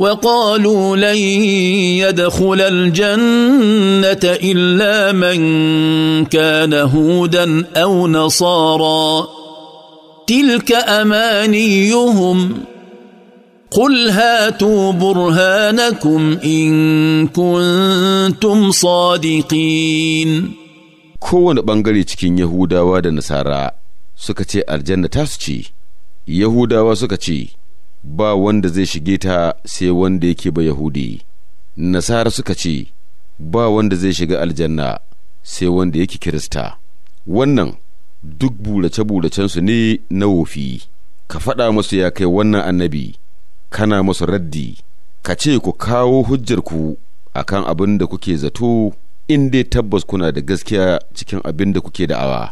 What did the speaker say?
وقالوا لن يدخل الجنه الا من كان هودا او نصارا تلك امانيهم قل هاتوا برهانكم ان كنتم صادقين كون بانغري تشكين يهودا ودن nasara سكتي الجنة تاسكي يهودا وسكتي ba wanda zai shige ta sai wanda yake ba Yahudi. Nasara suka ce, ba wanda zai shiga aljanna sai wanda yake Kirista. Wannan duk bulace-bulacensu ne na wofi, ka faɗa masu ya kai wannan annabi, kana masu raddi, ka ce ku kawo hujjarku a kan abin da kuke zato in dai tabbas kuna da gaskiya cikin abin da kuke da'awa.